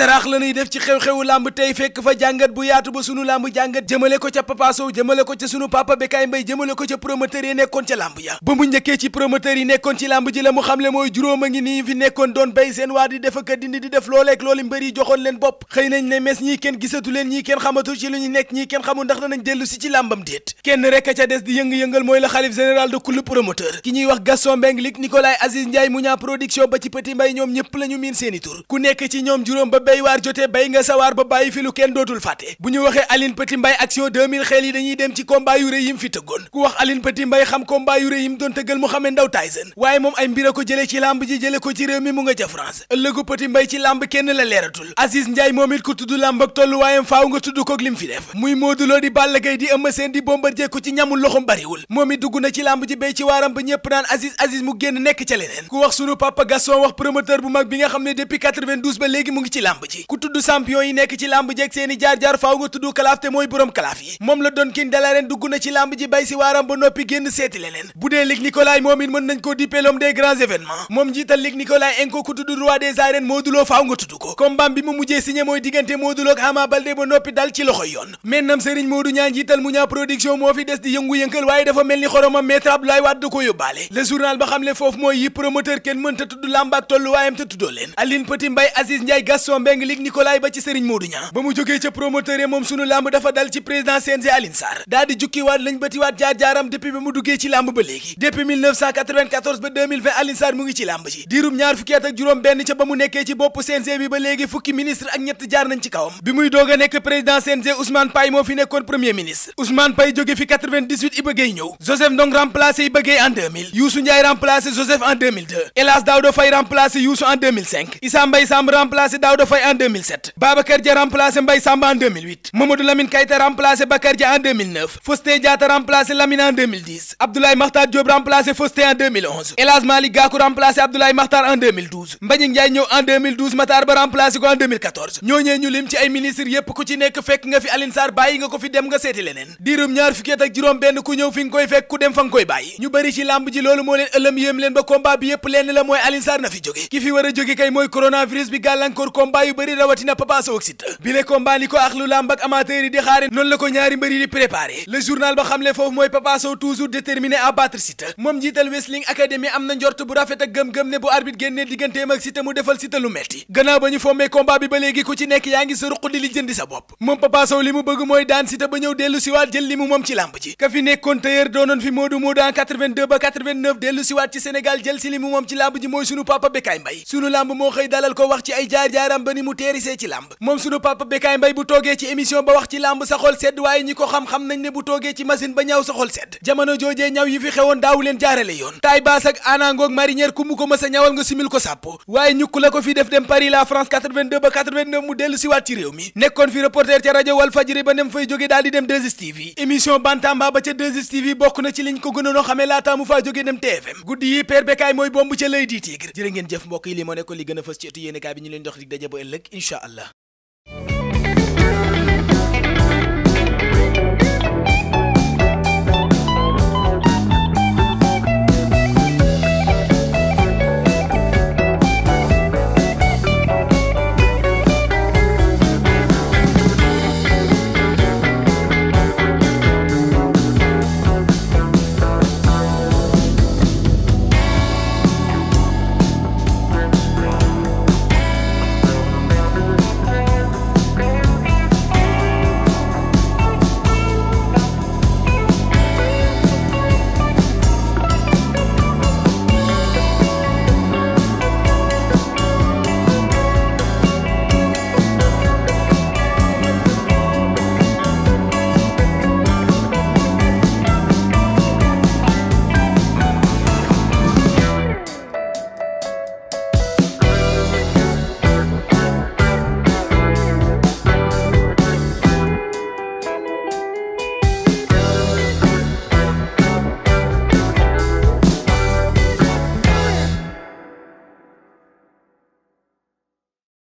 saraax la ñuy def ci xew-xewu làmb tey fekk fa jàngat bu yaatu ba sunu làmb jàngat jëmale ko ca Papa Sow jëmale ko ca sunu papa Bécaye Mbaye jëmale ko ca promoteur yi nekkoon ca làmb ja ba ci yi nekkoon ci làmb ji la mu xamle mooy juróom a ngi nii fi nekkoon doon béy seen waa di def ak dindi di def looleeg loolu mbër joxoon leen bopp xëy nañ ne mes ñii kenn gisatu leen ñii kenn xamatu ci lu ñu nekk ñii kenn xamul ndax danañ dellu si ci làmbam déet kenn rek a ca des di yëng-yëngal mooy la xalif général ki ñuy wax Gaston Mbengue Luc Nicolaï Aziz Ndiaye Mounia production ba ci ñëpp la ñu miin seeni ku nekk ci ñoom juróom ba bay waar jotee bay nga sawaar ba bàyyi fi lu kenn dootul fàtte bu ñu waxee Aline Petit Mbaye action 2000 xel yi dañuy dem ci combat yu yim fi tëggoon ku wax Aline Petit Mbaye xam combat yu yim doon tëggal Mohamed Ndao Tyson waaye moom ay mbir a ko jële ci lamb ji jële ko ci réew mi mu nga ca France ëllëgu Petit Mbaye ci lamb kenn la leeratul Aziz Ndiaye moom it ku tudd lamb ak tolluwaayam faaw nga tudd kook lim fi def muy Modou di Balla Gaye di Eumeu na ci lamb ji bay ci nekk ca leneen ku wax sunu papa Gaston ngi ci lamb lamb ji ku tudd champion yi nekk ci lamb ji seeni jaar-jaar faaw nga tudd kalaaf te mooy boroom kalaaf yi moom la doon kin dala dugg na ci lamb ji bay si waaram ba noppi génn seeti leneen bu dee Luc Nicolaï moom it mën nañ koo dippee l'homme des grands événements moom njiital Luc Nicolaï enko ku tudd roi des arènes Modou Lo faaw nga tudd ko combat bi mu mujjee signé mooy diggante Modou Lo ak Ama Baldé ba noppi dal ci loxoy yoon mennam Serigne moo fi Mbengue ba ci Serigne Modou ba mu jógee ca promoteur moom sunu lamb dafa dal ci président CNG Aline Sarr daa di jukkiwaat lañ bëtiwaat jaar-jaaram depuis ba mu duggee ci lamb ba léegi depuis ba 2020 mu ngi ci lamb ji diirum ñaar fukki ak juróom benn ca ba mu nekkee ci bopp CNG bi ba léegi fukki ministre ak ñett jaar nañ ci kawam bi muy doog a nekk président CNG Ousmane Paye moo fi nekkoon premier ministre Ousmane Paye jóge fi 98 Iba Faye en 2007 Babacar Dia remplacé Mbaye Samba en 2008 Mamadou Lamine Keita remplacé Bakar Dia en 2009 Faustin Diatta remplacé Lamine en 2010 Abdoulaye Makhtar Diop remplacé Faustin en 2011 El Hadj Malick Gakou remplacé Abdoulaye Makhtar en 2012 Mbagnick Ndiaye ñëw en 2012 Matar Ba remplacé ko en 2014 ñooñee ñu lim ci ay ministre yépp ku ci nekk fekk nga fi Alioune Sarr nga ko fi dem combat yu ba na njort bu ne bu arbitre génnee digganteem ak Siteu mu defal Siteu lu metti ñu fommee combat bi ba léegi ku ci nekk yaa ngi sa ruq di li jëndi sa bopp moom Papa li mu bëgg mooy daan ba ñëw dellu siwaat jël li mu moom ci lamb ji ka nekkoon tailleur doonoon fi Modou Modou en 82 ba dellu siwaat ci Sénégal jël si li mu moom ci lamb ji mooy sunu papa Bécaye Mbaye sunu lamb moo xëy dalal ko wax ci ay jaar-jaaram ba ni mu téerisee ci làmb moom sunu papa Bécaye Mbaye bu toogee ci émission ba wax ci làmb sa xol sedd waaye ñi ko xam-xam nañ ne bu toogee ci machine ba ñaaw sa xol sedd jamono joojee ñaw yi fi xewoon daawu leen jaarale yoon taay baas ak anangoog marinière ku ko mës a ñawal nga simil ko sàppo waaye ñukk la ko fi def dem Paris la France 82 ba 89 mu dellu siwaat ci réew mi nekkoon fi reporter ca rajo Walfadjri ba dem fay jóge bokk na ci liñ ko gënoonoo xamee laataa mu faa jóge dem TFM guddi yi Père Bécaye mooy bomb ca lay ëllëg incha allah